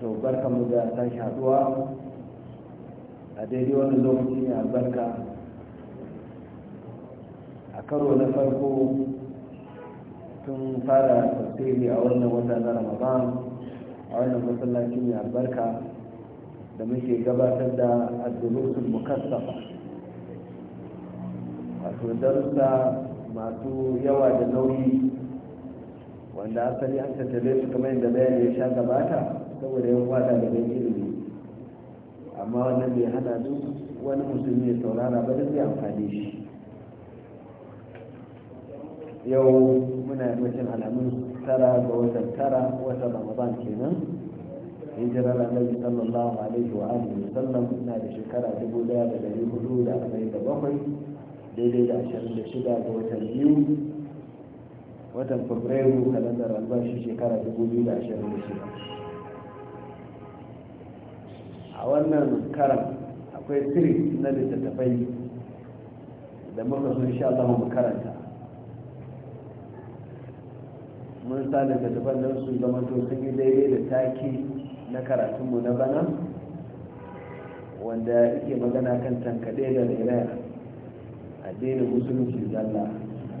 to barka mu da sake haduwa a daidai wani lokaci ne albarka a karo na farko tun fara tafsiri a wannan wata na ramadan a wannan masallaci ne albarka da muke gabatar da addurusul mukassafa wato darussa masu yawa da nauyi wanda asali an tattale su kamar yadda bayani ya sha gabata saboda yan wada da bai ilimi amma wannan bai hana duk wani musulmi ya saurara ba zai amfani shi yau muna yammacin alamun tara ga watan tara wata ramadan kenan hijirar annabi sallallahu alaihi wa alihi wa sallam na da shekara dubu daya da dari hudu da arba'in da bakwai daidai da ashirin da shida ga watan biyu watan fabrairu kalandar albashi shekara dubu biyu da ashirin da shida a wannan karan akwai siri na littattafai da muka sun sha zama mu karanta mun sa littattafan nan su zama to sun yi daidai da taki na karatunmu na bana wanda yake magana kan tankade da rairaya addinin musulunci zalla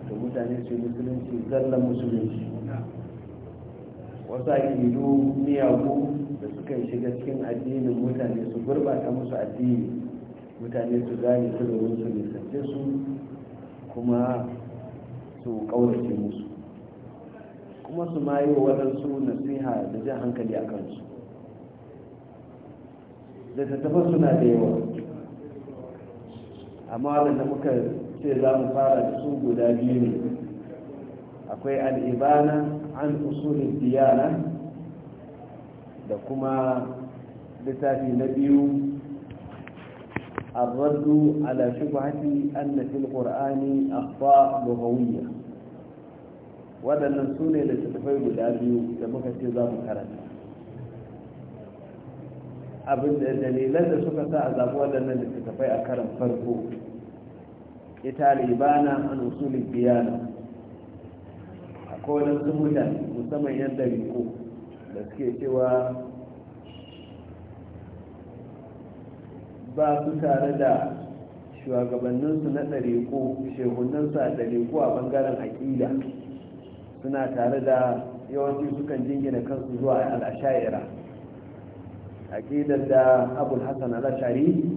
da mutane su musulunci zalla musulunci wasu akidu miyagu suka shiga cikin addinin mutane su gurbata musu addini mutane su gane su domin su nisance su kuma su ƙaurace musu kuma su ma yi wa waɗansu nasiha da jan hankali a kansu da tattafa suna da yawa amma waɗanda muka ce za mu fara da su guda biyu ne akwai al'ibana an usulin diyana da kuma littafi na biyu الرد على شبهة أن في القرآن أخطاء لغوية waɗannan su ne da tattafai guda biyu da muka ce za mu karanta abin da dalilan da suka sa a zaɓi waɗannan da a karan farko ita libana an usulin biyana a kowane sun mutane musamman yan riko da suke cewa ba su tare da shugabanninsu na ɗariko shehunansu a ɗariko a ɓangaren aƙida suna tare da yawanci sukan jingina kansu zuwa al'ashaira aƙidar da abul hassan al'ashari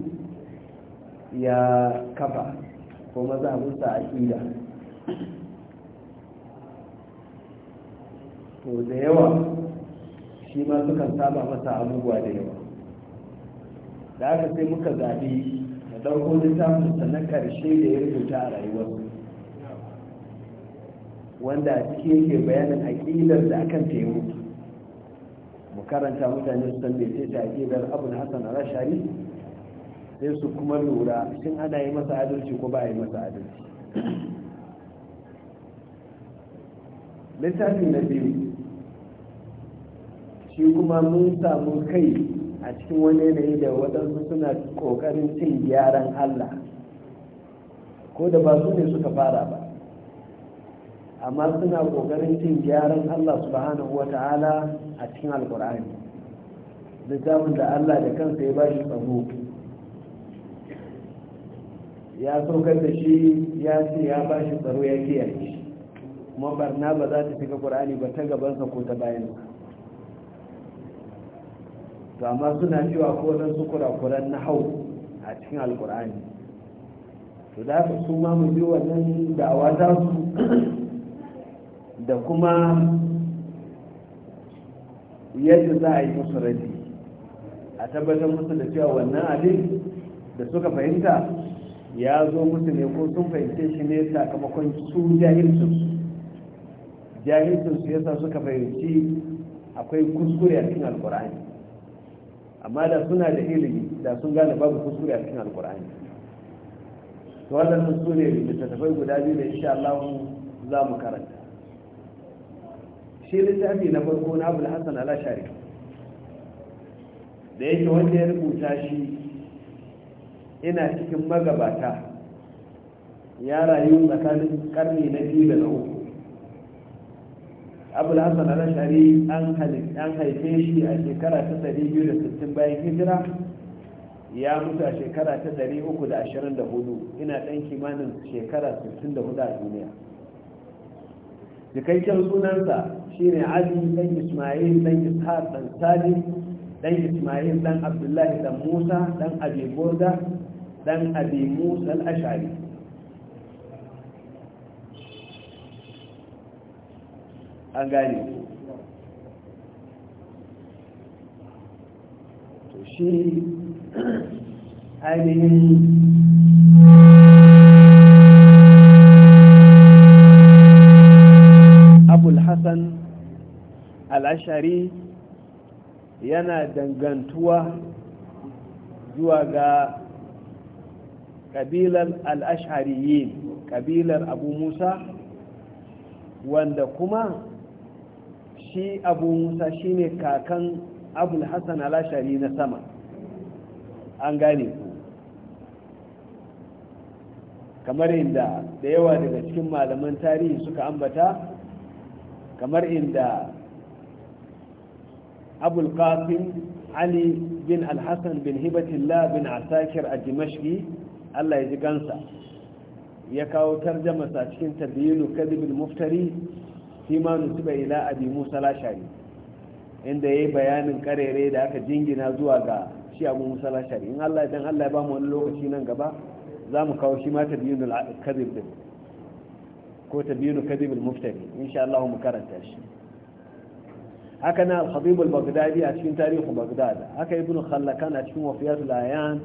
ya kafa ko mazhabinsa aƙida to da yawa shi ma sukan saba masa abubuwa da yawa da aka sai muka zaɓi da ɗauko littafinsa na ƙarshe da ya rubuta a rayuwarsu. wanda a ciki yake bayanin aƙidar da akan taimu mu karanta mutane su san bai ta aƙidar abul hasan al sai su kuma lura shin ana yi masa adalci ko ba a yi masa adalci Littafin na biyu shi kuma mun samu kai a cikin wani yanayi da waɗansu suna ƙoƙarin cin gyaran Allah ko da ba su ne suka fara ba amma suna ƙoƙarin cin gyaran Allah subhanahu wata'ala a cikin alƙur'ani littafin da Allah da kansa ya ba shi tsaro ya saukar da shi ya ce ya ba shi tsaro ya kiyaye shi kuma barna ba za ta fi ƙur'ani ba ta gabansa ko ta ba. to amma suna cewa ko nan su kurakuran na hau a cikin alkur'ani to da haka su ma mu biyo wannan da'awa za su da kuma yadda za a yi musu rabi a tabbatar musu da cewa wannan abin da suka fahimta ya zo musu ne ko sun fahimce shi ne sakamakon su jahilcin jahilcin su yasa suka fahimci akwai kuskure a cikin alkur'ani amma da suna da ilimi da sun gane babu kuskure a cikin alkur'ani to wannan su ne littattafai guda biyu da insha Allah za mu karanta shi littafi na farko na Abul Hassan al shari da yake wanda ya rubuta shi ina cikin magabata ya rayu tsakanin karni na biyu da na uku abul hasan al-ashari an haife shi a shekara ta 260 bayan hijira ya mutu a shekara ta 324 ina ɗan kimanin shekara 64 a duniya jikakken sunansa shine ali dan ismail dan ishaq dan salim dan ismail dan abdullahi dan musa dan abi burda dan abi musa al-ashari an gane to shi ainihin abul al'ashari yana dangantuwa zuwa ga ƙabilar al'ashariyin ƙabilar abu musa wanda kuma shi abu musa shine kakan abul hassan alashari na sama an gane ku kamar inda da yawa daga cikin malaman tarihi suka ambata kamar inda abul qasim ali bin alhassan bin hibatillah bin asakir a dimashki allah ya ji gansa ya kawo tarjama sa cikin tabbiyinu kadibin muftari shi ma nusiba ila abi musa lashari inda yayi bayanin karere da aka jingina zuwa ga shi abu musa lashari in Allah idan Allah ya ba mu wani lokaci nan gaba za mu kawo shi ma tabyinul kadhib din ko tabyinul kadhib al muftari insha Allah mu karanta shi haka na al-khatib al-baghdadi a cikin tarihi baghdad haka ibnu khallakan a cikin wafiyatul ayan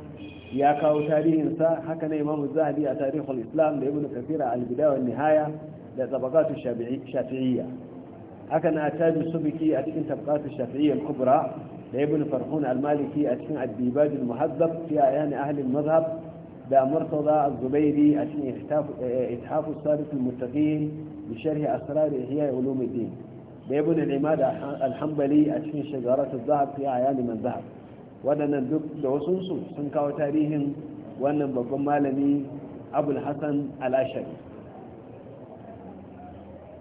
ya kawo tarihinsa haka na imamu zahabi a tarihul islam da ibnu kathira al-bidaya wan nihaya da tabaqatu shafi'iyya haka na tabi subiki a cikin tabaqatu shafi'iyya kubra da ibn farhun al-maliki a cikin ad al-muhazzab fi ayan ahli al-madhhab da murtada az-zubairi a cikin ithaf eh, as-salif al-muttaqin bi sharh asrar ihya din da ibn al-imad al-hanbali a cikin shajarat az-zahab fi ayan man zahab wadannan duk da wasunsu sun kawo tarihin wannan babban malami abul hasan al-ashari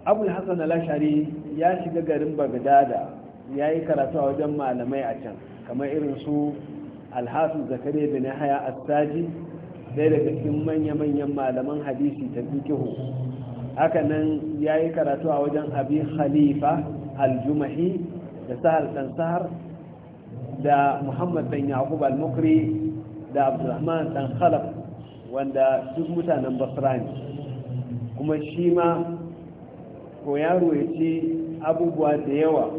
Abulhassan Alashari ya shiga garin bagdada ya yi karatu a wajen malamai a can kamar irin su alhassan zakare bin haya astaji ɗaya daga cikin manya-manyan malaman hadisi ta fikihu haka nan ya yi karatu a wajen abi khalifa al-jumahi da sahar Sansar da muhammad dan yaqub al-mukri da abdulrahman ɗan khalaf wanda duk mutanen basra ne kuma shi ma ko yaro ya ce abubuwa da yawa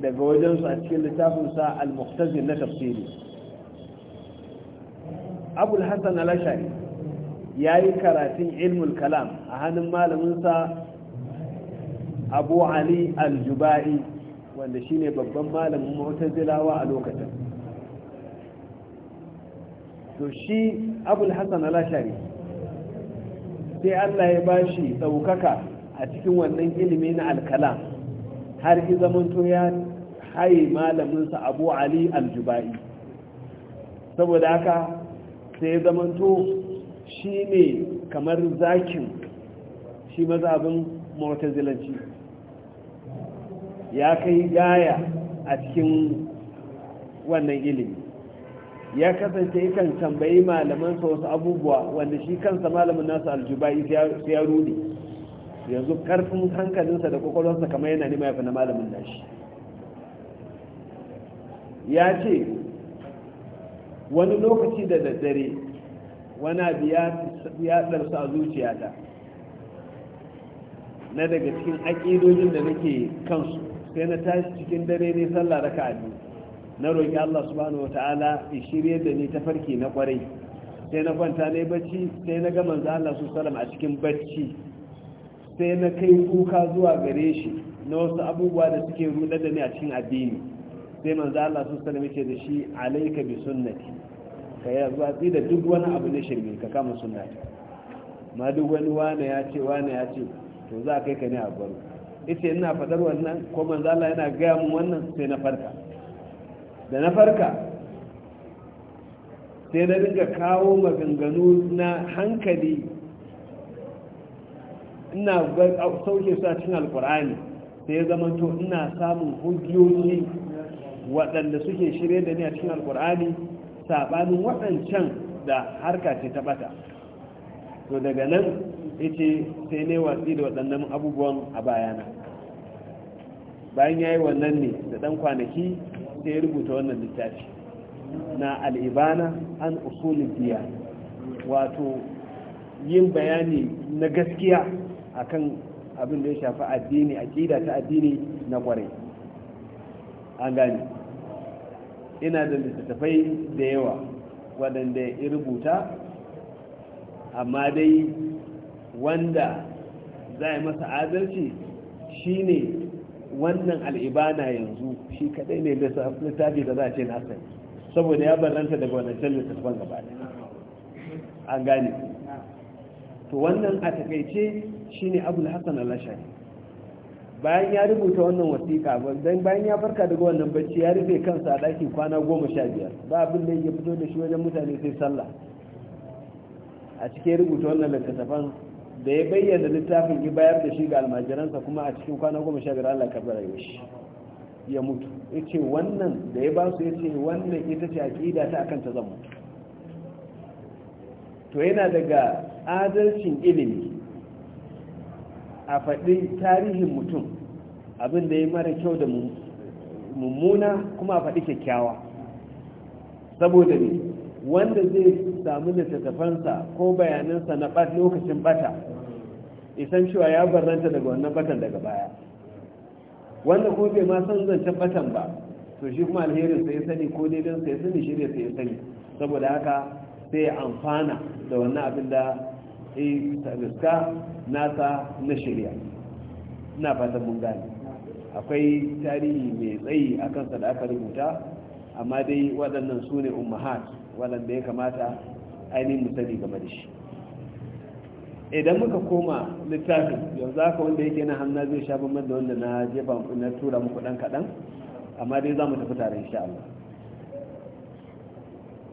daga wajensu a cikin littafinsa al-muqtazin na tafsiri abul hassan al-ashari ya yi karatun ilmul kalam a hannun malaminsa abu ali al-juba'i wanda shine babban malamin mu'tazilawa a lokacin to shi abul hassan al-ashari sai allah ya bashi ɗaukaka a cikin wannan ilimi na alkala har yi zamanto ya haye malaminsa abu ali aljubai saboda haka sai zamanto shi ne kamar zakin shi mazabin mortazilanci ya kai gaya a cikin wannan ilimi ya kasance kan tambayi malamansa wasu abubuwa wanda shi kansa malamin nasu aljubai sai ya rudi yanzu karfin hankalinsa da kwakwalwarsa kamar yana nema ya na malamin nashi ya ce wani lokaci da daddare wani abu ya ɗarsu a zuciyata na daga cikin aƙidojin da nake kansu sai na tashi cikin dare ne sallah raka a na roƙi Allah subhanahu wata'ala ya shirye da ni ta farki na ƙwarai sai na kwanta ne bacci sai na ga manzo Allah su salam a cikin bacci sai na kai kuka zuwa gare shi na wasu abubuwa da suke ruɗa da ni a cikin addini sai manzo Allah su sallama yake da shi alayka bi sunnati ka ya batsi da duk wani abu ne shirme ka kama sunnati ma duk wani wani ya ce wani ya ce to za kai ka ne a baro ita ina fadar wannan ko manzo Allah yana gaya mun wannan sai na farka da na farka sai na dinga kawo maganganu na hankali ina sauke su a cikin alkur'ani sai ya zama to ina samun hujjoji waɗanda suke shirye da ni a cikin alkur'ani saɓanin waɗancan da harka ce ta ɓata to daga nan ita sai ne watsi da waɗannan abubuwan a bayana bayan ya yi wannan ne da ɗan kwanaki sai ya rubuta wannan littafi na al'ibana an usulin biya wato yin bayani na gaskiya akan abin da ya shafi addini aqida ta addini na kwarai an gani. ina da littattafai da yawa waɗanda ya rubuta amma dai wanda za a yi masa adalci shine wannan al'ibana yanzu shi kadai ne littafi da za a ce na saboda ya barranta daga wannan littattafan gaba an gani. to wannan a takaice shine abul hasan al-ashari bayan ya rubuta wannan wasiƙa dan bayan ya farka daga wannan bacci ya rufe kansa a ɗakin kwana goma sha biyar ba abin da ya fito da shi wajen mutane sai sallah a cikin rubuta wannan littattafan da ya bayyana littafin ya bayar da shi ga almajiransa kuma a cikin kwana goma sha biyar Allah karɓi shi ya mutu ya ce wannan da ya ba su ya ce wannan ita ce aƙida ta akan ta zan mutu to yana daga adalcin ilimi a faɗi tarihin mutum abin da ya mara kyau da mummuna kuma a faɗi kyakkyawa saboda ne wanda zai samu littattafansa ko bayanansa na lokacin bata isan cewa ya barranta daga wannan batan daga baya wanda ko bai ma san zancen batan ba to shi kuma alherin sai sani ko daidan ya sani shirya sai sani saboda haka sai amfana da wannan abin da riska nasa na shirya na fatan mun gane akwai tarihi mai tsayi akan sadakar da aka rubuta amma dai waɗannan su ne ummahat waɗanda ya kamata ainihin mu game da shi idan muka koma littafin yanzu haka wanda yake na hannu zai sha bambam da wanda na jefa na tura muku ɗan kaɗan amma dai za mu tafi tare insha Allah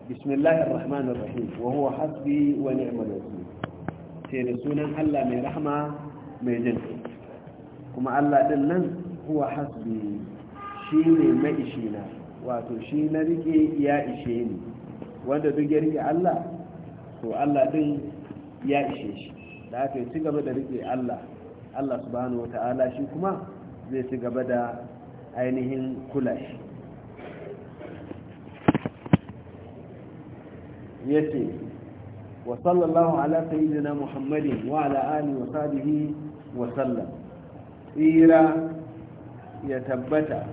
بسم الله الرحمن الرحيم وهو حسبي ونعم الوكيل سير سنن الله من رحمة من جنة كما الله دلن هو حسبي شيني ما إشينا واتو شينا ركي يا إشيني wanda duk ya rike Allah to Allah din ya ishe shi da aka ci gaba da rike Allah Allah subhanahu wata'ala shi kuma zai ci gaba da ainihin kula yace wa sallallahu ala sayyidina muhammadin wa ala alihi wa sahbihi wa sallam tsira ya tabbata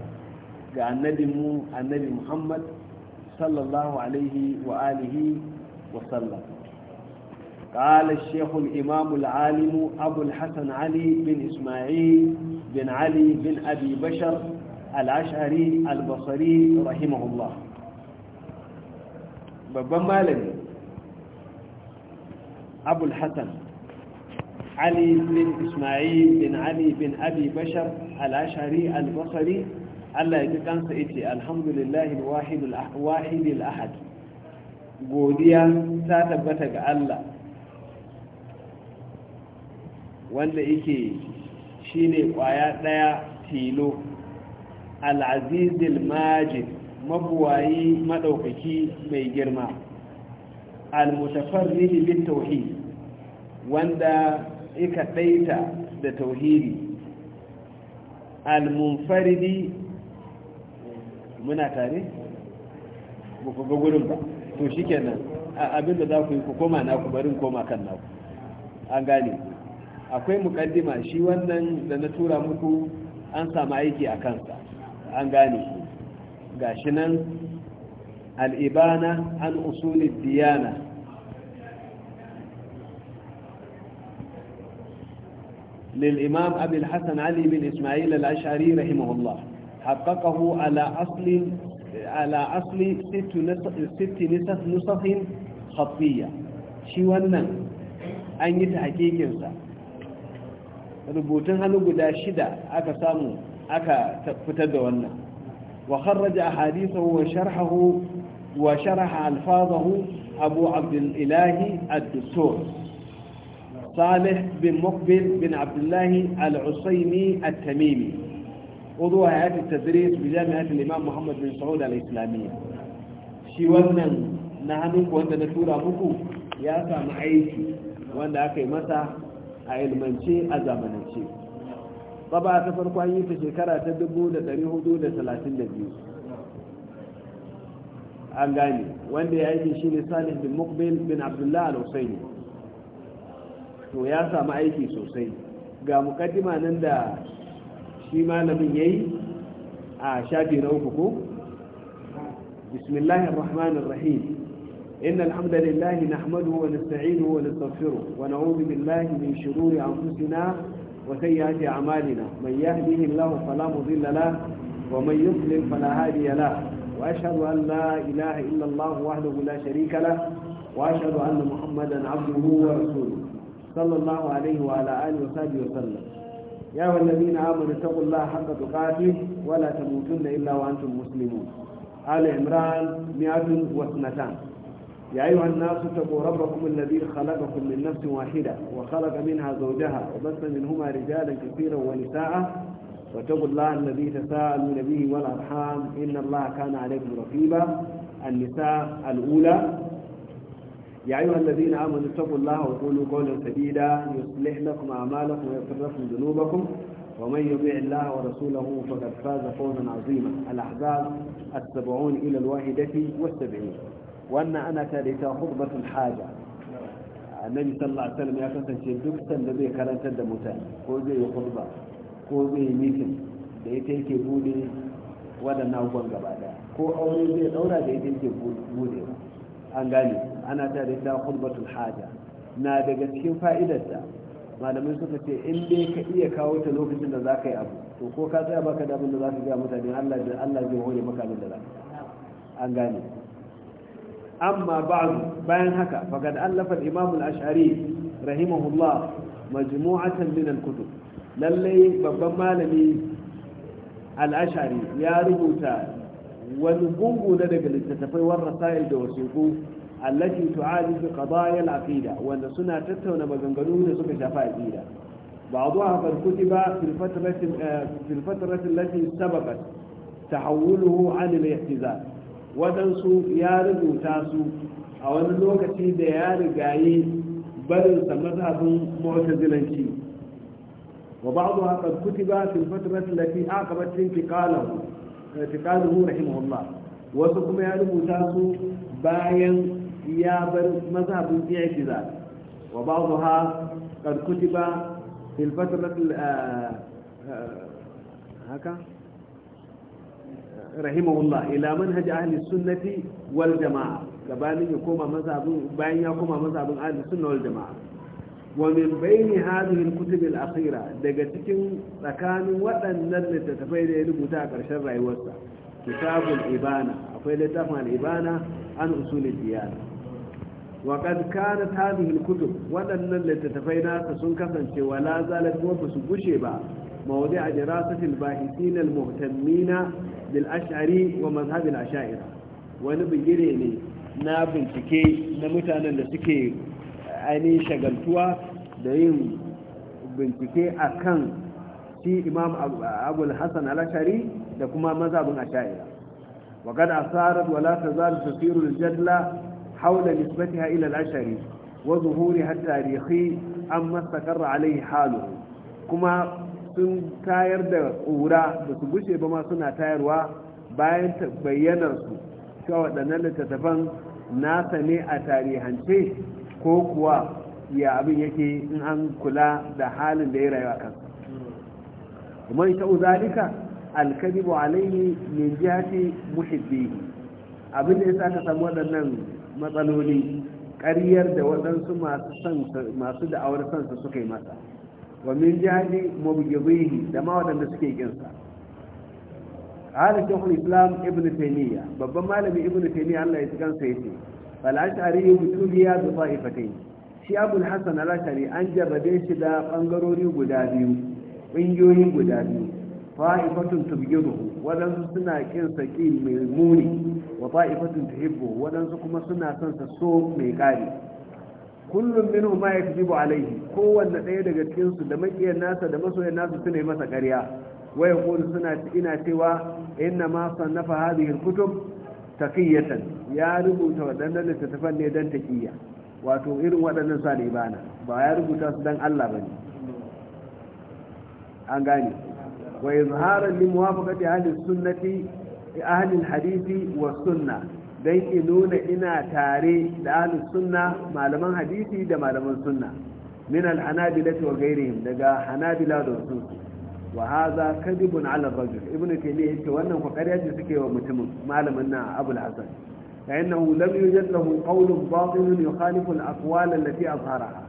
ga annabinmu annabi muhammad sallallahu alaihi wa alihi wa sallam قال الشيخ الإمام العالم أبو الحسن علي بن إسماعيل بن علي بن أبي بشر العشعري البصري رحمه الله babban malami abul hassan ali bin ismail bin ali bin abi bashar al-ashari al allah ya ji kansa ita alhamdulillahi wahidul ah-, ahad godiya ta tabbata ga allah wanda yake shine kwaya daya tilo al-azizul majid mabuwayi madaukaki mai girma al-mutafarrid bil tauhid wanda ika daita da tauhiri. al muna tare ba ku ga gurin ba to shikenan abinda za ku yi ku koma na ku barin koma kan na ku. an gane akwai mukaddima shi wannan da na tura muku an samu aiki a kansa an gane gashi nan al'ibana an usuli diyana للإمام أبي الحسن علي بن إسماعيل الأشعري رحمه الله حققه على أصل على أصل ست نسخ, ست نسخ, نسخ خطية شي wannan an yi ta hakikinsa rubutun hannu guda shida aka samu aka fitar da wannan وخرج أحاديثه وشرحه وشرح ألفاظه أبو عبد الإله الدكتور صالح بن مقبل بن عبد الله العصيمي التميمي عضو هيئة التدريس بجامعة الإمام محمد بن سعود الإسلامية shi wannan na hannunku wanda na tura muku ya samu aiki wanda aka yi masa a ilmance a zamanance tsaba ta farko an yi ta shekara ta 1432 an gane wanda ya aiki shi ne salih bin mukbil bin abdullah al-husaini to ya samu aiki sosai ga mukaddima nan da shi malamin ya yi a shafi na uku ko bismillahir rahmanir rahim إن الحمد لله نحمده ونستعينه ونستغفره ونعوذ بالله من شرور أنفسنا وسيئات أعمالنا من يهده الله فلا مضل له ومن يضلل فلا هادي له وأشهد أن لا إله إلا الله وحده لا شريك له وأشهد أن محمدا عبده ورسوله صلى الله عليه وعلى آله وصحبه وسلم يا أيها الذين آمنوا اتقوا الله حق تقاته ولا تموتن إلا وأنتم مسلمون آل عمران 102 يا أيها الناس اتقوا ربكم الذي خلقكم من نفس واحدة وخلق منها زوجها وبث منهما رجالا كثيرا ونساء واتقوا الله الذي تساءلون به والأرحام إن الله كان عليكم رقيبا النساء الأولى يا أيها الذين آمنوا اتقوا الله وقولوا قولا سديدا يصلح لكم أعمالكم ويغفر لكم ذنوبكم ومن يطيع الله ورسوله فقد فاز فوزا عظيما الأحزاب السبعون إلى الواحدة والسبعين wannan ana tare ta da ita haja annabi sallallahu alaihi wasallam ya kasance duk sanda zai karantar da mutane ko zai yi khutba ko zai yi mitin da ita yake bude waɗannan abubuwan gaba daya ko aure zai daura da ita yake bude an gane ana tare ta da ita haja na daga cikin fa'idarta malamai suka ce in dai ka iya kawo ta lokacin da za ka yi abu to ko ka tsaya baka da abin da za ka gaya mutane Allah zai hore maka abin da za ka an gane amma ba'du bayan haka faqad allafa al-imam al-ash'ari rahimahullah majmu'atan min al-kutub lalle babban malami al-ash'ari ya rubuta wani gungu na daga littattafai warrasayil da wasiqu allati tu'alifu qadaya al-aqida wanda suna tattauna maganganu da suka shafi aqida بعضها قد كتب في الفترة في الفترة التي سبقت تحوله عن الاعتزال waɗansu ya rubuta su a wani lokaci da ya rigayi barinsa mazhabin mu'tazilanci wa ba ba'du haka ba fil fatrati allati aqabat intiqalahu intiqaluhu rahimahullah wasu kuma ya rubuta su bayan ya bar mazhabin i'tiza wa ba ba'daha qad kutiba fil fatrati eh, eh, haka rahimahullah ila manhaj ahli sunnati wal jama'a gabanin ya koma mazhabin bayan ya koma mazhabin ahli sunna wal jama'a wa min bayni hadhihi al kutub al akhira daga cikin tsakanin waɗannan littattafai da ya rubuta a ƙarshen rayuwarsa kitabul ibana akwai littafin al ibana an usulid diyana وقد كانت هذه waɗannan littattafai nasa sun kasance ولا زالت وبس bushe ba. موضع دراسة الباحثين المهتمين بالأشعري ومذهب الأشاعرة ونبجريني na bincike na mutanen da suke ainihin shagaltuwa da yin bincike a kan shi imam abul hassan alashari da kuma mazabin asha'ira وقد أثارت ولا تزال تثير الجدل حول نسبتها إلى الأشعري وظهورها التاريخي أما استقر عليه حاله كما sun tayar da ƙura da su gushe ba ma suna tayarwa bayan su cewa waɗannan littattafan nasa ne a tarihance ko kuwa ya abin yake in an kula da halin da ya rayu a kansa kuma ita uzalika alkadibu alaihi min jihati muhibbihi abin da ya sa ka samu waɗannan matsaloli ƙaryar da waɗansu masu da'awar sansa suka yi masa wa min jahli mubghidhihi da ma wadanda suke kinsa hada shaykhul islam ibn taymiya babban malami ibn taymiya Allah ya tsikansa yace fal ash'ari yutuliya bi ta'ifatayn shi abul hasan al-ash'ari an jarrabe shi da bangarori guda biyu ƙungiyoyi guda biyu fa'ifatun tubgiruhu wadansu suna kin saki mai muni wa fa'ifatun tuhibbu wadansu kuma suna son sa so mai kari. kullum Minu ma yakzibu alaihi kowanne ɗaya daga cikin su da makiyan nasa da masoyan nasa suna masa ƙarya Waye yaqulu suna ina cewa inna ma sannafa hadhihi alkutub taqiyatan ya rubuta waɗannan littattafan ne dan taqiya wato irin waɗannan sa bana ba ya rubuta su dan Allah bane an gane wa izharan li muwafaqati ahli sunnati ahli alhadisi wa sunnah don ki nuna ina tare da ahlus sunna malaman hadisi da malaman sunna min al-hanabila wa daga hanabila da wasu wa hadha kadibun ala rajul ibn taymiyyah yace wannan ko ƙarya ce suke wa mutumin malamin na abul hasan فإنه لم يوجد له قول باطل يخالف الأقوال التي أظهرها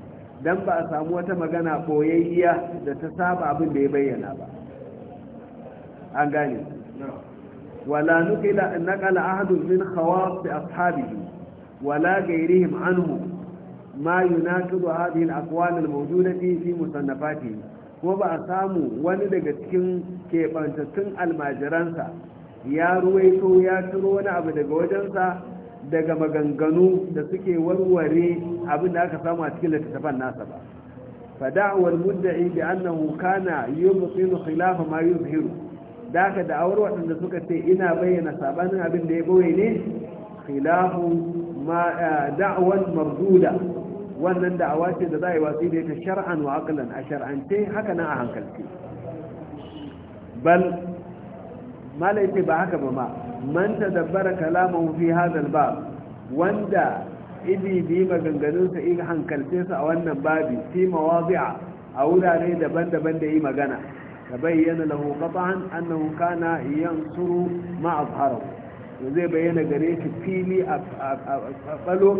dan ba a samu wata magana koyayya da ta saba abin da ya bayyana ba an gane ولا نقل نقل أحد من خواص أصحابه ولا غيرهم عنه ما يناقض هذه الأقوال الموجودة في مصنفاته ko ba a samu wani daga cikin keɓantattun almajiransa ya ruwaito ya ciro wani abu daga wajensa daga maganganu da suke warware abin da aka samu a cikin littattafan nasa ba fada'awar mudda'i da annahu kana yubtinu khilafa ma yuzhiru da haka da waɗanda suka ce ina bayyana sabanin abin da ya boye ne khilafu eh, da'awar marduda wannan da'awa ce da za a yi watsi da ita shar'an wa aqlan a shar'ance haka nan a hankalci bal malai ce ba haka ba ma man tadabbara kalamahu fi hadha al wanda idi bi maganganunsa in hankalce sa a wannan babi fi mawazia a wurare daban-daban da yi magana tabayyana lahu qat'an annahu kana yansuru ma azharahu to zai bayyana gare shi fili a balo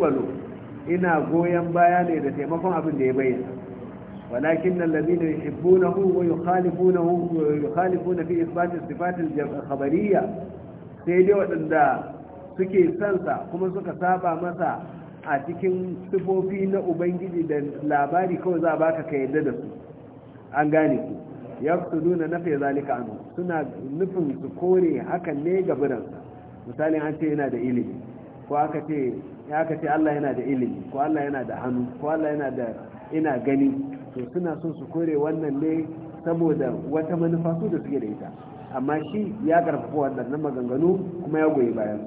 ina goyon baya ne da taimakon abin da ya bayyana ولكن الذين يحبونه ويخالفونه ويخالفون في إثبات الصفات الخبرية سيدي waɗanda suke sonsa kuma suka saba masa a cikin sifofi na ubangiji da labari kawai za baka ka yadda da su an gane ku ya na nafi zalika anu suna nufin su kore hakan ne ga biransa misalin an ce yana da ilimi ko aka ce Allah yana da ilimi ko Allah yana da hannu ko Allah yana da ina gani to suna son su kore wannan ne saboda wata manufa da suke da ita amma shi ya karfafa na maganganu kuma ya goyi bayan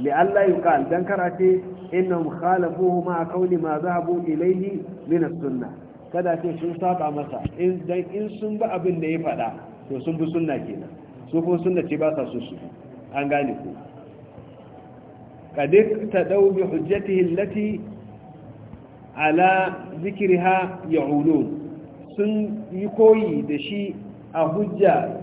li Allah yuqal dan karate innahum khalafuhu ma qawli ma zahabu ilayhi min as-sunnah kada ce sun saba masa in dan in sun ba abin da ya fada to sun bi sunna kenan su kuma sunna ce ba sa so su an gane ku kadik ta dau bi hujjatihi allati ala zikriha ya'ulun sun yi koyi da shi a hujja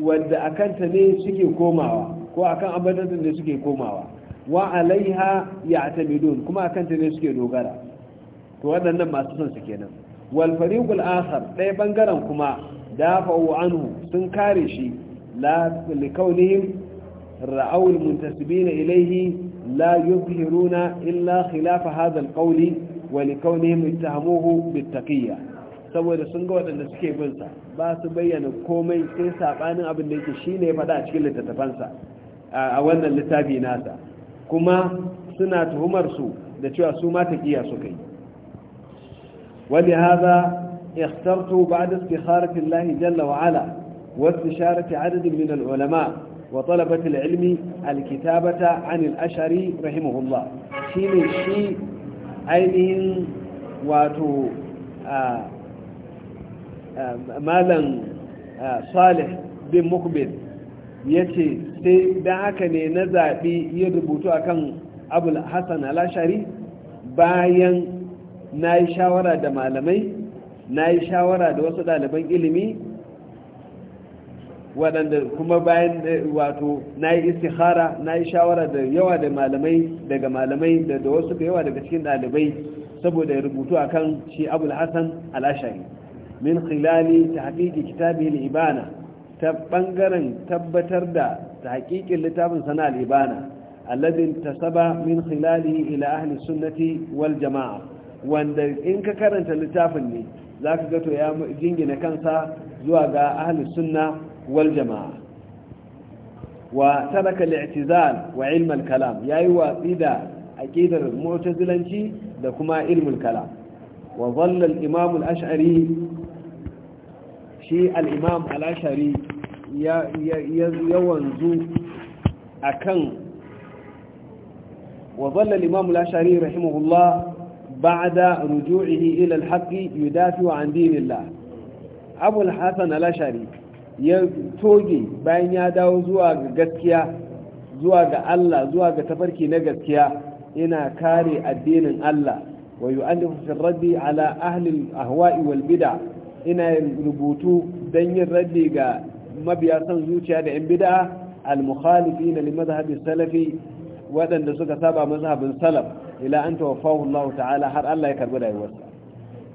wadda akanta ne suke komawa ko akan abadan da suke komawa wa alaiha ya kuma ta ne suke dogara to waɗannan masu son su kenan wal fariqul ɗaya dai bangaren kuma dafa'u anhu sun kare shi la likaunihim ra'aw al muntasibina ilayhi la yuzhiruna illa Khilafa, hadha al qawli wa likaunihim ittahamuhu saboda sun ga waɗanda suke bin sa ba su bayyana komai sai sabanin abin da yake shine faɗa a cikin littattafansa a wannan littafi nasa kuma suna tuhumar su da cewa su ma taqiya suka yi ولهذا اخترت بعد استخارة الله جل وعلا واستشارة عدد من العلماء وطلبة العلم الكتابة عن الأشعري رحمه الله شين الشيء عينهم واتو مالا صالح bin mukbil ya ce sai da haka ne na zaɓi yin rubutu a kan abul hassan alashari bayan na yi shawara da malamai na yi shawara da wasu ɗaliban ilimi waɗanda kuma bayan eh, wato na yi istihara na yi shawara da yawa da malamai daga malamai da wasu yawa daga cikin ɗalibai saboda ya rubutu a kan shi abul hassan al'ashari min khilali ta haƙiƙi kitabin ibana ta ɓangaren tabbatar da ta haƙiƙin littafin sana al'ibana alladin ta saba min khilali ila ahli sunnati wal jama'a wanda in ka karanta littafin ne za ka gato ya jingina kansa zuwa ga ahalus sunna wal jama'a wa taraka al-i'tizal wa ilm al-kalam yayi watsi da aqidar mu'tazilanci da kuma ilm al-kalam wa dhalla al-imam al-ash'ari shi al-imam al-ash'ari ya yawanzu akan wa dhalla al-imam al-ash'ari rahimahullah بعد رجوعه إلى الحق يدافع عن دين الله أبو الحسن الأشعري ya toge bayan ya dawo zuwa ga gaskiya zuwa ga Allah zuwa ga tafarki na gaskiya yana kare addinin Allah wa yu'allifu fi raddi ala ahli al-ahwa'i bid'a ina rubutu dan yin raddi ga mabiya san zuciya da yan bid'a al-mukhalifina li salafi waɗanda suka saba mazhabin salaf ila an tawaffahu Allah ta'ala har Allah ya karbi rayuwarsa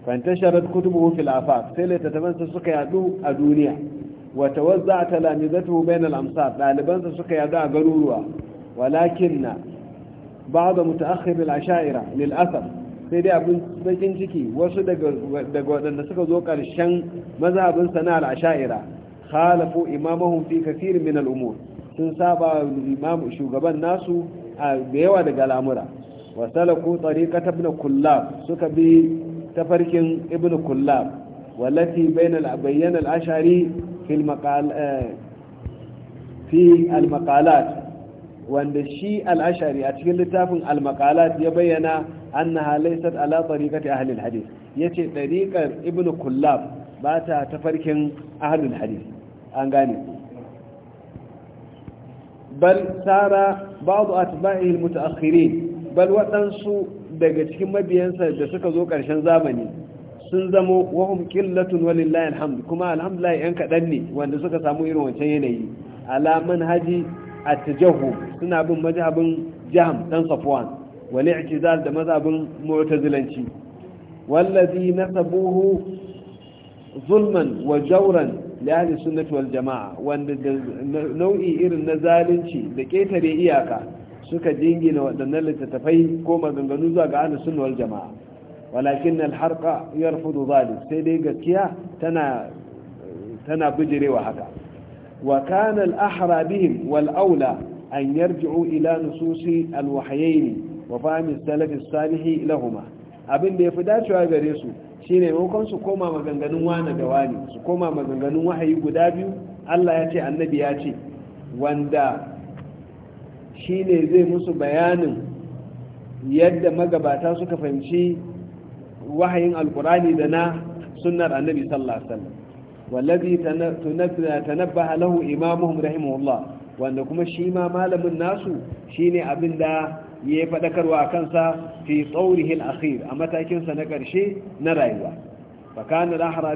fa intasharat kutubuhu fil afaq sai littattafansa suka yadu a duniya wa tawazza'a talamizatuhu bayna al amsar dalibansa suka yadu a garuruwa walakin na mutaakhir al ashaira lil asaf sai dai abin ciki wasu daga daga wadanda suka zo karshen mazhabin sana al ashaira khalafu imamahum fi kathir min al sun saba imamu shugaban nasu a da yawa daga al'amura wasalaku tariqat ibn kullab suka bi tafarkin ibn kullab wallati bayyana ashari fi al eh, maqalat wanda shi al-ash'ari a cikin littafin al-maqalat ya bayyana annaha laysat ala tariqati ahli al-hadith yace tariqar ibn kullab ba ta tafarkin ahalin al an gane bal sara ba'd atba'ihi al-mutaakhirin bal waɗansu daga cikin mabiyansa da suka zo ƙarshen zamani sun zamo wahum qillatun walillahi alhamd kuma alhamdulillah yan kaɗan ne wanda suka samu irin wancan yanayi ala manhaji at suna bin mazhabin jaham dan safwan wal i'tizal da mazhabin mu'tazilanci wallazi nasabuhu zulman wa jawran li ahli sunnati wal jamaa wanda nau'i irin na zalunci da ketare iyaka suka jingina waɗannan littattafai ko maganganu zuwa ga ahlus sunna wal jama'a walakin al-harqa yarfudu zalik sai dai gaskiya tana tana bijirewa haka wa kana al-ahra bihim wal aula an yarji'u ila nususi al-wahyayn wa fahmi salaf as-salih lahumma abin da yafi dacewa gare su shine maimakon su koma maganganun wani da wani su koma maganganun wahayi guda biyu Allah ya ce annabi ya ce wanda Shi ne zai musu bayanin yadda magabata suka fahimci wahayin alkurani da na sunnar annabi sallallahu alaihi wasallam lahu imamuhum rahimahullah wanda kuma shi ma malamin nasu shine abin da ya yi faɗakarwa a kansa fi tsauri al-akhir a matakinsa na ƙarshe na rayuwa fakanu kana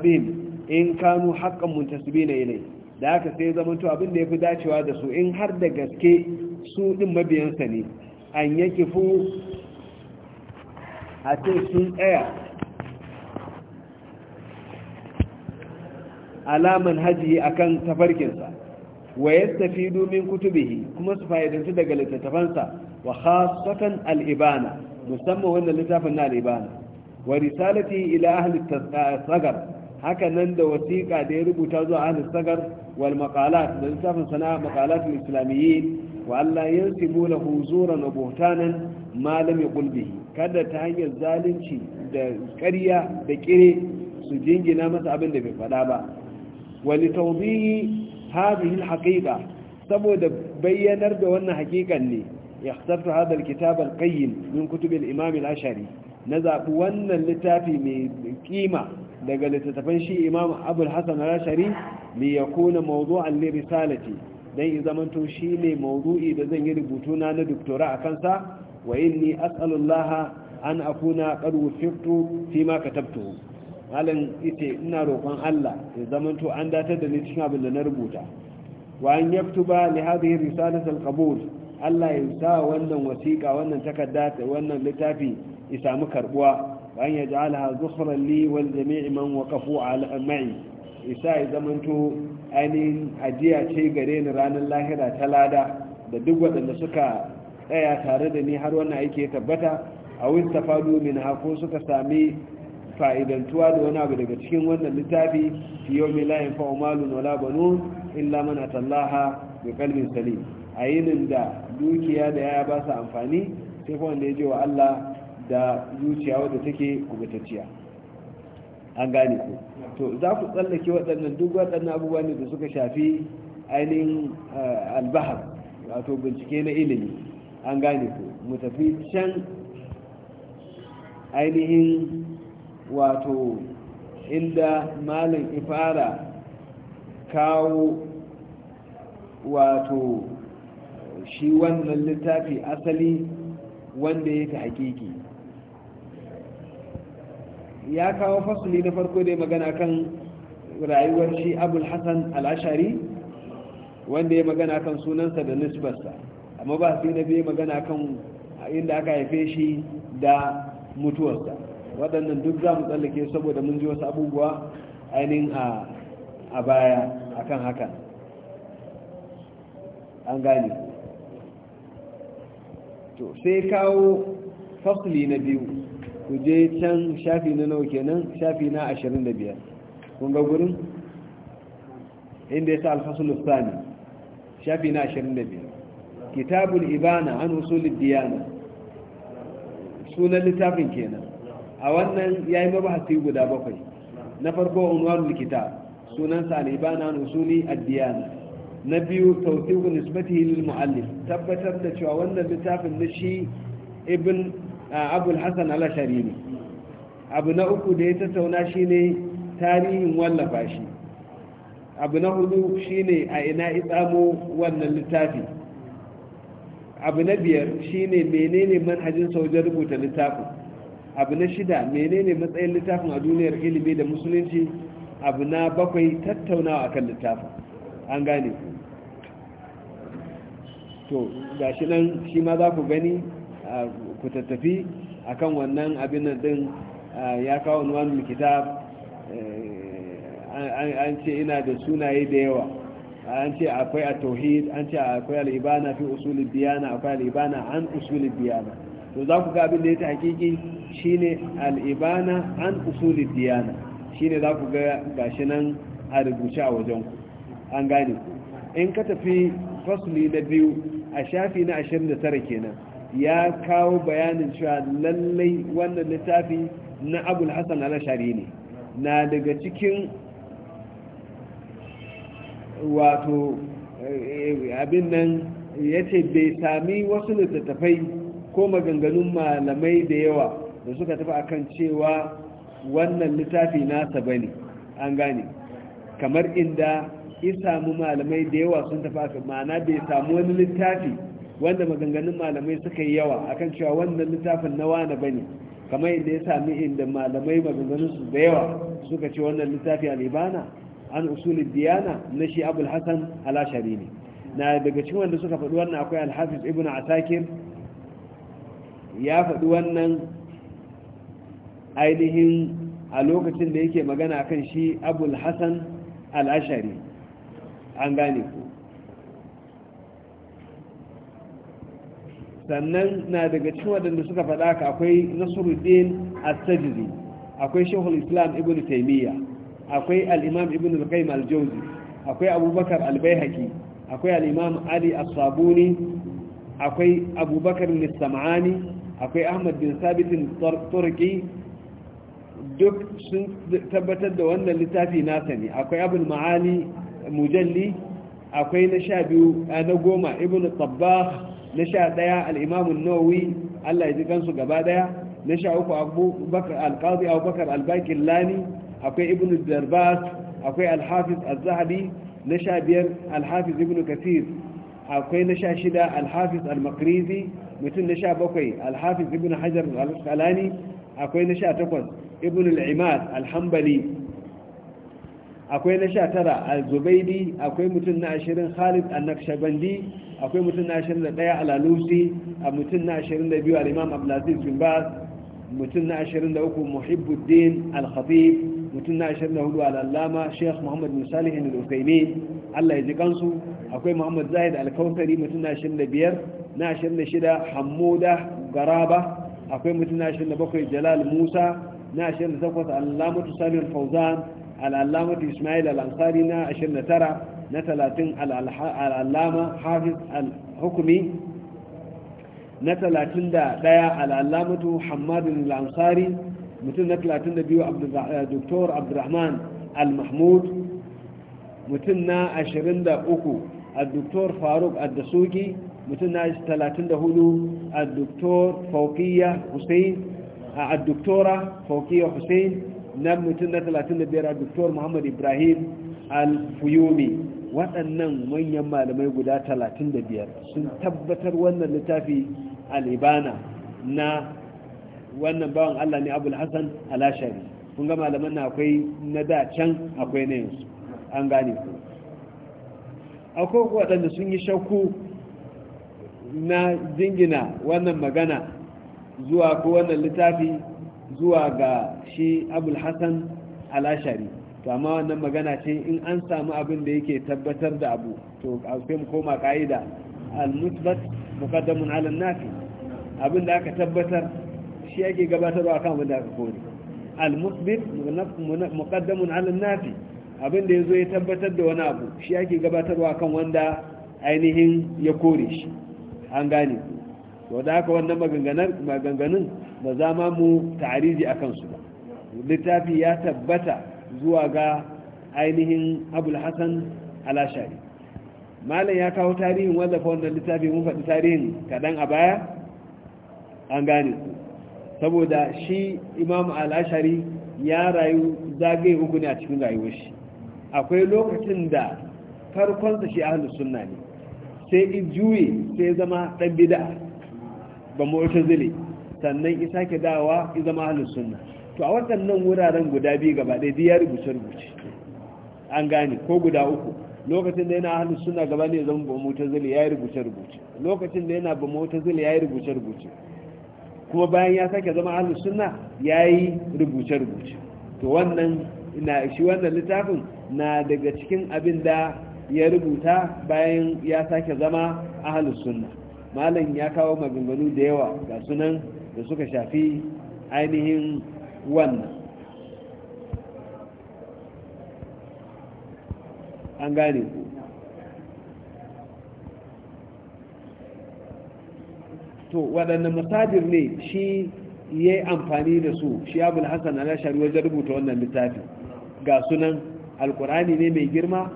in kanu haqqan na ilai da haka sai zamanto abin da ya fi dacewa da su in har da gaske su ɗin mabiyansa ne an yake fu a ce sun tsaya alaman haji akan tafarkinsa wayar tafi domin kutubihi kuma su fa'idanci daga littattafansa wa khasatan al'ibana musamman wannan littafin na al'ibana wa risalati ila ahli tsagar haka nan da wasiƙa da ya rubuta zuwa ahli tsagar wal maqalat da littafin sana makalatun islamiyyin wa Allah yansibu lahu zuran wa buhtanan ma lam kada ta hanyar zalunci da ƙarya da ƙire su jingina masa abin da bai faɗa ba wa li tawdihi hadhihi saboda bayyanar da wannan haƙiƙan ne ikhtartu hadha al-kitab al min ashari na zaɓi wannan littafi mai kima daga littattafan shi imam abul hasan al ya li yakuna mawdu'an li risalati dan yi zamanto shi ne maudu'i da zan yi rubutu na na doktora a kansa wa ni as'alullah an akuna karu wufiqtu fi ma katabtu malam ita ina roƙon Allah ya zamanto an datar da ni cikin abin da na rubuta wa an yaktuba li hadhihi risalat al-qabul Allah ya sa wannan wasiƙa wannan takarda wannan littafi ya samu karbuwa wa an yaj'alaha zukhran li wal jami'i man waqafu ala ma'i isa ya zamanto ainihin ajiya ce gare ni ranar lahira ta lada da duk waɗanda suka tsaya tare da ni har wannan aiki ya tabbata a wista tafadu min hako suka sami fa'idantuwa da wani abu daga cikin wannan littafi fi yau mai layin fa'umalu wala labanu illa mana tallaha ga kalmin sali, a yinin da dukiya da yaya ba su amfani sai kuma da ya je wa Allah da zuciya wadda take kubutacciya an gane ku to za ku tsallake waɗannan duk waɗannan abubuwa ne da suka shafi ainihin eh, albahar wato bincike na ilimi an gane ku mu tafi can ainihin wato inda malin ifara kawo wato shi wannan littafi asali wanda ya ta hakiki ya kawo fasuli na farko da ya magana kan rayuwar shi abul hassan al'ashari wanda ya magana kan sunansa da nisbarsa amma ba su na biyu magana kan inda aka haife shi da mutuwarsa waɗannan duk za mu tsallake saboda mun ji wasu abubuwa ainihin a baya akan hakan, an gane to sai kawo fasuli na biyu ku je can shafi na nawa kenan shafi na 25 kun ga gurin inda ya sa alfasul sani shafi na 25 kitabul ibana an usulid diyana sunan littafin kenan a wannan ya yi mabahasi guda bakwai na farko unwanul kitab sunan sa al-ibana an usuli ad-diyana na biyu tawthiqu nisbatihi lil muallif tabbatar da cewa wannan littafin na shi ibn abul hassan alashari ne abu na uku da ya tattauna shine tarihin wallafa shi abu na hudu shine a ina itsamo wannan littafi abu na biyar shine menene manhajin sojan rubuta littafin abu na shida menene matsayin littafin a duniyar ilimi da musulunci abu na bakwai tattaunawa akan littafin an gane ku to gashi nan shi ma za ku gani ku tattafi a kan wannan abin din ya kawo wani kitab eh, an ce ina da sunaye da yawa an ce akwai a tauhid an ce akwai al'ibana fi usulul diyana akwai al'ibana an usulul diyana to za ku ga abin da ya ta hakiki Shi ne al'ibana an biyana diyana ne za ku ga gashi nan a rubuce a wajen ku an gane ku in ka tafi fasli na biyu a shafi na 29 kenan ya kawo bayanin cewa lallai wannan littafi na abul hassan alashari ne na daga cikin wato eh, abin nan ya ce bai sami wasu littattafai ko maganganun malamai da yawa da suka tafi akan cewa wannan littafi nasa ba ne, an gane kamar inda isa mu malamai da yawa sun tafi akan ma'ana bai sami wani littafi wanda maganganun malamai suka yi yawa akan cewa wannan littafin na wane bane kamar inda ya sami inda malamai maganganun su da yawa suka ce wannan littafi al-ibana an usulid diyana na shi abul hasan ne na daga cikin wanda suka faɗi wannan akwai al-hafiz ibnu asakir ya faɗi wannan ainihin a lokacin da yake magana akan shi abul hasan al an gane ku sannan na daga cikin waɗanda suka faɗa ka akwai nasruddin as-sajdi akwai shehul islam ibn taymiya akwai al-imam ibn al-qayyim al-jawzi akwai abubakar al akwai al-imam ali as-sabuni akwai abubakar al-sam'ani akwai ahmad bin sabit al duk sun tabbatar da wannan littafi nasa ne akwai abul ma'ali mujalli akwai na sha biyu eh, na goma ibn tabbah na sha ɗaya al'imamun nawawi allah ya ji kansu gaba ɗaya na sha uku alƙazi abubakar albakin lani akwai ibn darbas akwai alhafiz al-zahabi na sha biyar alhafiz ibn kasir akwai na sha shida alhafiz al-makrizi mutum na sha bakwai alhafiz ibn hajar al-asqalani akwai na sha takwas ibn al-imad al-hambali akwai na sha tara al-zubaidi akwai mutum na ashirin khalid al-nakshabandi akwai mutum na ashirin da ɗaya al-alusi a mutum na ashirin da biyu al-imam abdulaziz bin baz mutum na ashirin da uku muhibbuddin al-khatib mutum na ashirin da hudu al-allama sheikh muhammad bin salih al-usaimi allah ya ji kansu akwai muhammad zahid al-kautari mutum na ashirin da biyar na ashirin da shida hamuda garaba akwai mutum na ashirin da bakwai jalal musa na ashirin da takwas al-lamatu salih al al'allamatu ismail al'ansari na 29 na 30 al'allama hafiz al-hukumi na 31 al'allamatu hamadun al'ansari mutum na 32 doktor abdurrahman al-mahmud mutum na 23 al-doktor faruk al-dasuki mutum na 34 al-doktor fauqiyya hussein na mutum na 35 doktor Muhammad Ibrahim Al-Fuyumi waɗannan manyan malamai guda 35 sun tabbatar wannan littafi alibana na wannan bawan Allah ne Abul Hassan alashari kun ga malaman na akwai na da can akwai na yanzu an gane ku akwai waɗanda sun yi shakku na jingina wannan magana zuwa ko wannan littafi zuwa ga shi abul hasan alashari to amma wannan magana ce in an samu abin da yake tabbatar da abu to sai mu koma ka'ida al-musbat muqaddamun ala nafi abin da aka tabbatar shi ake gabatarwa kan abin da aka kore al-musbit muqaddamun ala nafi abin da yazo ya tabbatar da wani abu shi ake gabatarwa kan wanda ainihin ya kore shi an gane to da haka wannan maganganun ba za ma mu ta'ariji a kansu ba littafi ya tabbata zuwa ga ainihin abul hassan alashari malam ya kawo tarihin wallafa wannan littafi mun faɗi tarihin kaɗan a baya an gane su saboda shi imam alashari ya rayu zagaye uku ne a cikin rayuwar shi akwai lokacin da farkonsa shi ahalus sunna ne sai in juye sai zama ɗan bida ba wata zile sannan isa ke dawa izama halin suna to a waɗannan wuraren guda biyu gaba ɗaya biya rubuce-rubuce an gane ko guda uku lokacin da yana halin suna gaba ne zama ba zili ya yi rubuce-rubuce lokacin da yana ba zili ya yi rubuce-rubuce kuma bayan ya sake zama halin suna ya yi rubuce-rubuce to wannan na shi wannan littafin na daga cikin abin da ya rubuta bayan ya sake zama ahalus sunna malam ya kawo maganganu da yawa ga sunan da suka shafi ainihin wannan an gane ku to waɗanne masadir ne shi ya yi amfani da su shi abul hassan alashari wajen rubuta wannan littafi ga sunan alkurani ne mai girma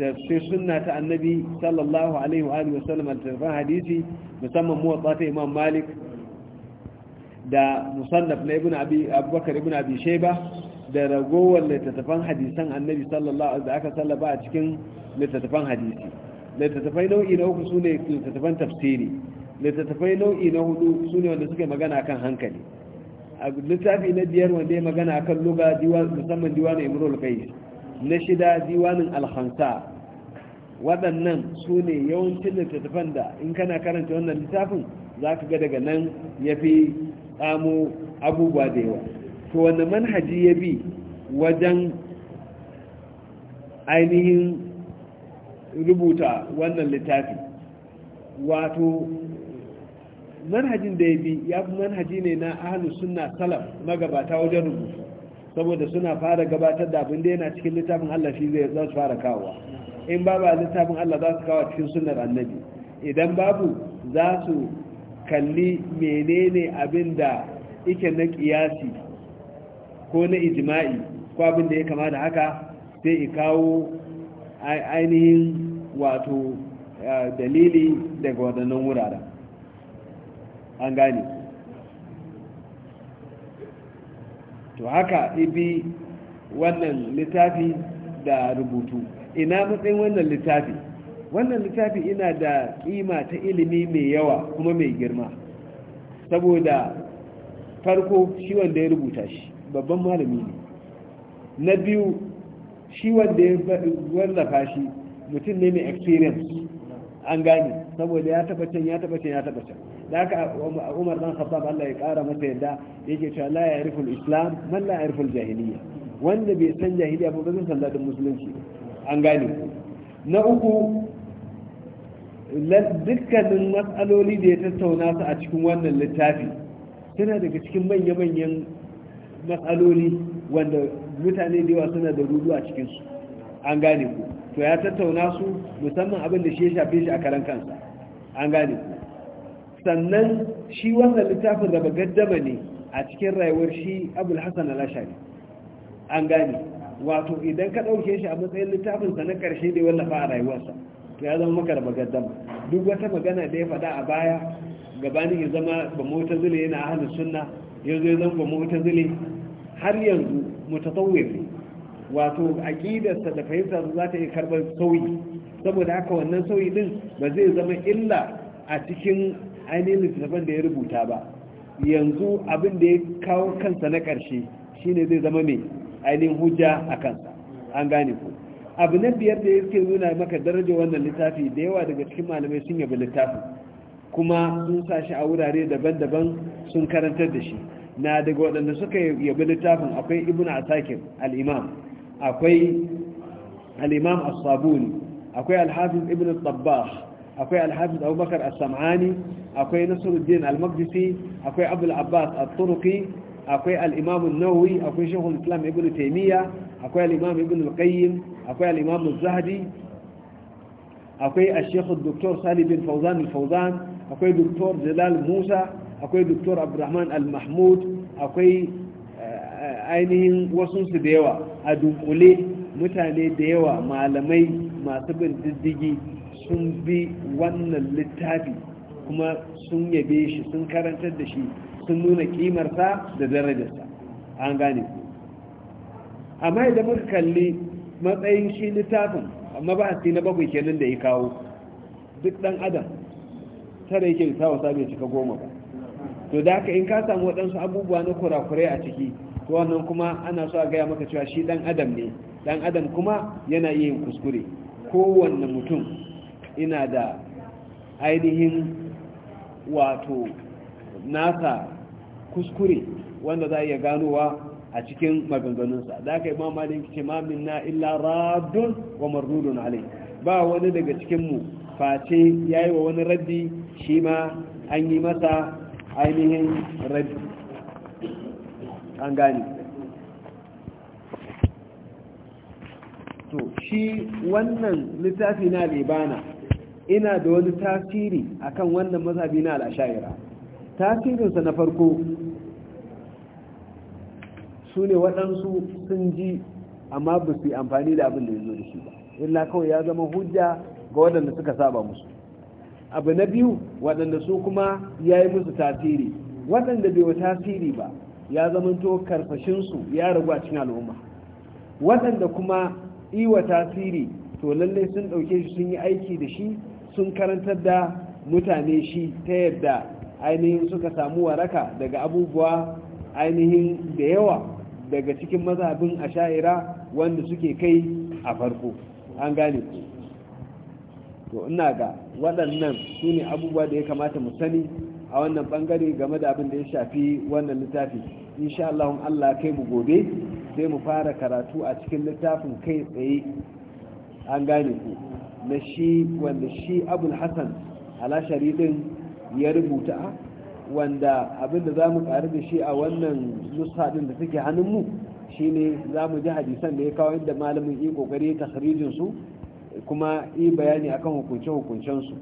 da sai suna ta annabi sallallahu alaihi wa sallam al hadisi musamman muwatsa ta imam malik da musannaf na ibn abi abubakar ibn abi shayba da ragowar littattafan hadisan annabi sallallahu alaihi da aka sallaba a cikin littattafan hadisi littattafai nau'i na uku sune littattafan tafsiri littattafai nau'i na hudu sune wanda suke magana kan hankali a littafi na biyar wanda ya magana akan luga musamman diwan imrul qais na shida diwanin alhansa waɗannan su ne yawancin littattafan da in kana karanta wannan littafin za ka ga daga nan ya fi samu abubuwa da yawa to wanda manhaji ya bi wajen ainihin rubuta wannan littafi wato manhajin da ya bi ya fi manhaji ne na ahalus suna salaf magabata wajen rubutu saboda suna fara gabatar da abin da yana cikin littafin Allah shi zai za su fara kawowa in babu littafin Allah za su kawo cikin sunar annabi idan babu za su kalli menene abin da ike na kiyasi ko na ijima'i ko abin da ya kama da haka sai i kawo ainihin wato dalili daga waɗannan wurare, an gane to haka ibi wannan littafi da rubutu ina matsayin wannan littafi wannan littafi ina da ƙima ta ilimi mai yawa kuma mai girma saboda farko shi wanda ya rubuta shi babban malami ne na biyu shi wanda ya wallafa shi mutum ne mai experience an gane saboda ya taba can ya taba can ya taba can da aka umar dan khattab Allah ya kara masa yadda yake cewa la ya'rifu al-islam man la ya'rifu al-jahiliyya wanda bai san jahiliya ba zai san dadin musulunci an gane na uku dukkanin matsaloli da ya tattauna su a cikin wannan littafi suna daga cikin manya-manyan matsaloli wanda mutane da yawa suna da rudu a cikinsu an gane ku to ya tattauna su musamman abin da shi ya shafe shi a karan kansa an gane ku sannan shi wannan littafin raba gaddama ne a cikin rayuwar shi abul hassan alashari an gane wato idan ka ɗauke shi a matsayin littafinsa na ƙarshe da ya wallafa a rayuwarsa to ya zama maka raba gaddama duk wata magana da ya faɗa a baya gabanin ya zama ba mota zile yana ahalin sunna yanzu ya zama ba mota zile har yanzu mutatawwir ne wato aqidarsa da fahimta za ta yi karɓar sauyi saboda haka wannan sauyi din ba zai zama illa a cikin ainihin littattafan da ya rubuta ba yanzu abin da ya kawo kansa na ƙarshe shine zai zama mai ainihin hujja a kansa an gane ku abu na biyar da yake nuna maka daraja wannan littafi da yawa daga cikin malamai sun yabi littafin kuma sun sa shi a wurare daban-daban sun karantar da shi na daga waɗanda suka yabi littafin akwai ibn asakir al akwai al as-sabuni akwai al-hafiz ibn tabbah akwai al-hafiz abubakar as-sam'ani akwai nasruddin al-maqdisi akwai abul abbas at-turqi akwai al-imam an-nawawi akwai shaykhul islam ibn taymiya akwai al-imam ibn al-qayyim akwai al'imamu zahadi akwai a shekhu doktor salibin fauzan al-fauzan akwai doktor jalal musa akwai doktor abdurrahman al-mahmud akwai eh, ainihin wasunsu da yawa a dunkule mutane da yawa malamai masu bin diddigi sun bi wannan littafi kuma sun yabe shi sun karantar da shi sun nuna kimarsa da darajarsa an gane ku amma idan muka kalli matsayin shi littafin amma ba a na bakwai kenan da ya kawo duk dan adam tare yake littafin sa ya cika goma ba to da haka in ka samu waɗansu abubuwa na kurakurai a ciki to wannan kuma ana so a gaya maka cewa shi dan adam ne dan adam kuma yana iya yin kuskure kowanne mutum ina da ainihin wato nasa kuskure wanda za a iya ganowa a cikin maganganunsa da aka yi mamalin ce ma minna illa radun wa mardudun alai ba wani daga cikin mu face yayi wa wani raddi shi ma an yi masa ainihin raddi an gani to shi wannan littafi na libana ina da wani tasiri akan wannan mazhabi na al'ashayira tasirinsa na farko su ne waɗansu sun ji amma ba su amfani da abin da ya zo da shi ba illa kawai ya zama hujja ga waɗanda suka saba musu abu na biyu waɗanda su kuma ya yi musu tasiri waɗanda bai wa tasiri ba ya zama to karfashinsu ya ragu a cikin al'umma waɗanda kuma wa tasiri to lallai sun ɗauke shi sun yi aiki da shi sun karantar da mutane shi ta yadda ainihin suka samu waraka daga abubuwa ainihin da yawa daga cikin mazabin asha'ira wanda suke kai a farko an gane ku to ina ga waɗannan su ne abubuwa da ya kamata mu sani a wannan bangare game da abin da ya shafi wannan littafi insha Allah Allah kai mu gobe sai mu fara karatu a cikin littafin kai tsaye an gane ku na shi wanda shi abul hasan alashari sharidin ya rubuta wanda abinda za mu ƙari da shi a wannan nusa ɗin da suke hannunmu shi ne za mu ji hadisan da ya kawo inda malamin yi ƙoƙari ta su kuma yi bayani akan hukunce-hukuncensu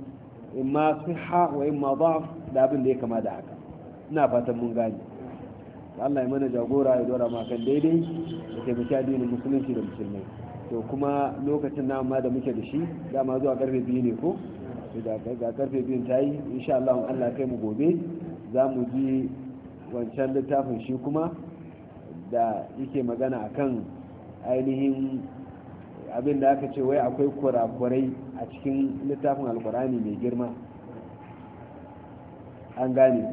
in ma siha wa in ma da abin da ya kama da haka ina fatan mun gane Allah ya mana jagora ya dora makan daidai da taimaki addinin musulunci da musulmai to kuma lokacin na ma da muke da shi dama zuwa karfe biyu ne ko da karfe biyu ta yi insha Allah Allah kai mu gobe za mu ji wancan littafin shi kuma da yake magana akan ainihin abin da aka ce wai akwai kurakurai a cikin littafin alkurani mai girma an gane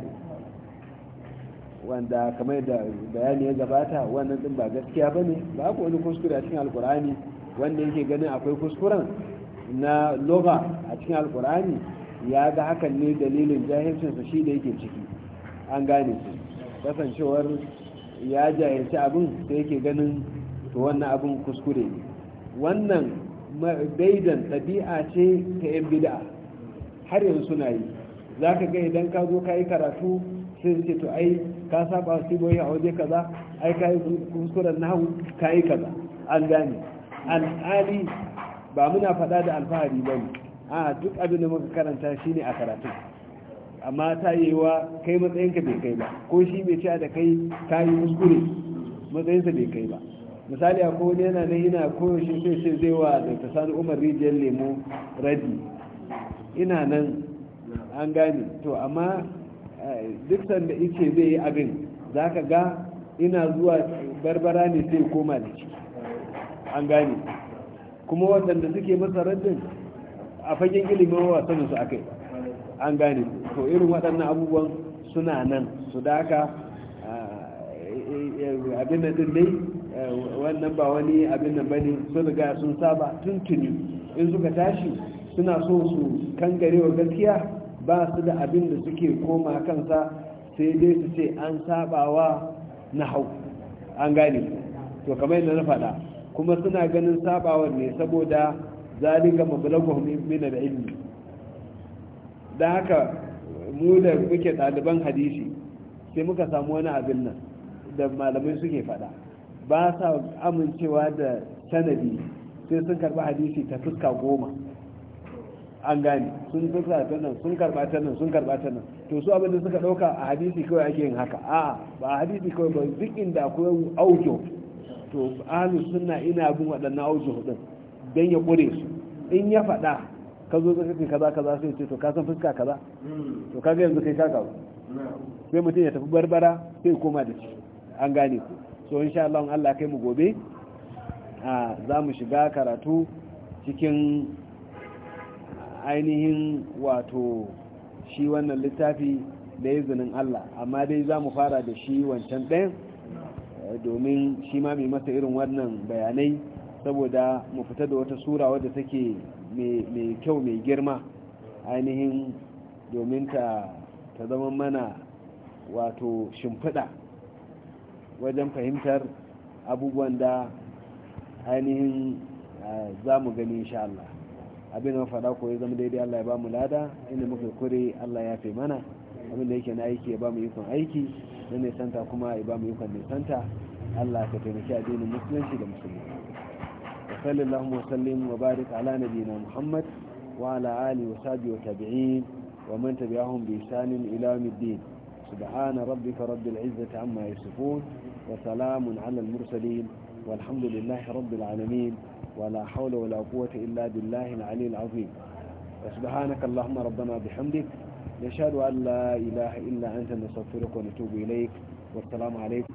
wanda kamar da bayani ya gabata wannan din ba gaskiya ba ne ba ku wani kuskure a cikin alkurani wanda yake ganin akwai kuskuren na loga a cikin alkurani ya ga hakan ne dalilin jahilcinsa shi da yake ciki an gane su kasancewar ya jayanci abin da yake ganin to wannan abin kuskure ne wannan daidan ɗabi'a ce ta yan bida har yanzu suna yi za ka ga idan ka zo ka yi karatu sai ce to ai ka saba su yi a waje kaza ai ka yi kuskuren nahu ka yi kaza an gane al'ali ba muna faɗa da alfahari ba ne a duk abin da muka karanta shine a karatun amma ta yi wa kai matsayinka bai kai ba ko shi mai cewa da kai ta yi kuskure matsayinsa bai kai ba misali a kowane yana nan yana koyaushe sai sai zai wa da ta sani umar rijiyar lemo radi ina nan an gane to amma eh, duk sanda ice zai yi abin za ka ga ina zuwa barbara ne sai koma da ciki an gane kuma waɗanda suke masa raddin a fagen ilimin wasansu a kai an gane to irin waɗannan abubuwan suna nan su daka e, e, abin da din dai wannan ba wani abin da bane sun riga sun saba tun tuntuni in suka tashi suna so su kangare wa gaskiya ba su da abin da suke koma kansa sai dai su ce an sabawa na hau an gane to kamar yadda na faɗa kuma suna ganin sabawar ne saboda zalika mablaghum min al-ilmi da haka mu da muke ɗaliban hadisi sai muka samu wani abin nan da malamai suke faɗa ba sa amincewa da sanadi sai sun karɓi hadisi ta fuska goma an gane sun fuska ta nan sun karɓa ta nan sun karɓa ta nan to su abin da suka ɗauka a hadisi kawai ake yin haka a'a ba a hadisi kawai ba duk inda akwai aujo to ahlus sunna ina bin waɗannan aujo din dan ya ƙure su in ya faɗa ka zo ka kaza kaza sai ce to ka san fuska kaza to kaga yanzu kai ka ba sai mutum ya tafi barbara sai koma da shi an gane ku so insha Allah Allah kai mu gobe a za mu shiga karatu cikin ainihin wato shi wannan littafi da izinin Allah amma dai za mu fara da shi wancan ɗayan eh, domin shi ma mai masa irin wannan bayanai saboda mu fita da wata sura wadda take mai kyau mai girma ainihin domin ta zama mana wato shimfiɗa wajen fahimtar abubuwan da ainihin za mu gani Allah abin da faɗa ko ya zama daidai Allah ya ba mu lada inda muka kure Allah ya fi mana abin da yake na aiki ya ba mu yukon aiki na nisanta kuma ya ba mu yukon nisanta Allah ka taimaki addinin musulunci da musulunci. وصلى اللهم وسلم وبارك على نبينا محمد وعلى آله وصحبه وتابعين ومن تبعهم بإحسان إلى يوم الدين سبحان ربك رب العزة عما يصفون وسلام على المرسلين والحمد لله رب العالمين ولا حول ولا قوة إلا بالله العلي العظيم وسبحانك اللهم ربنا بحمدك نشهد أن لا إله إلا أنت نستغفرك ونتوب إليك والسلام عليكم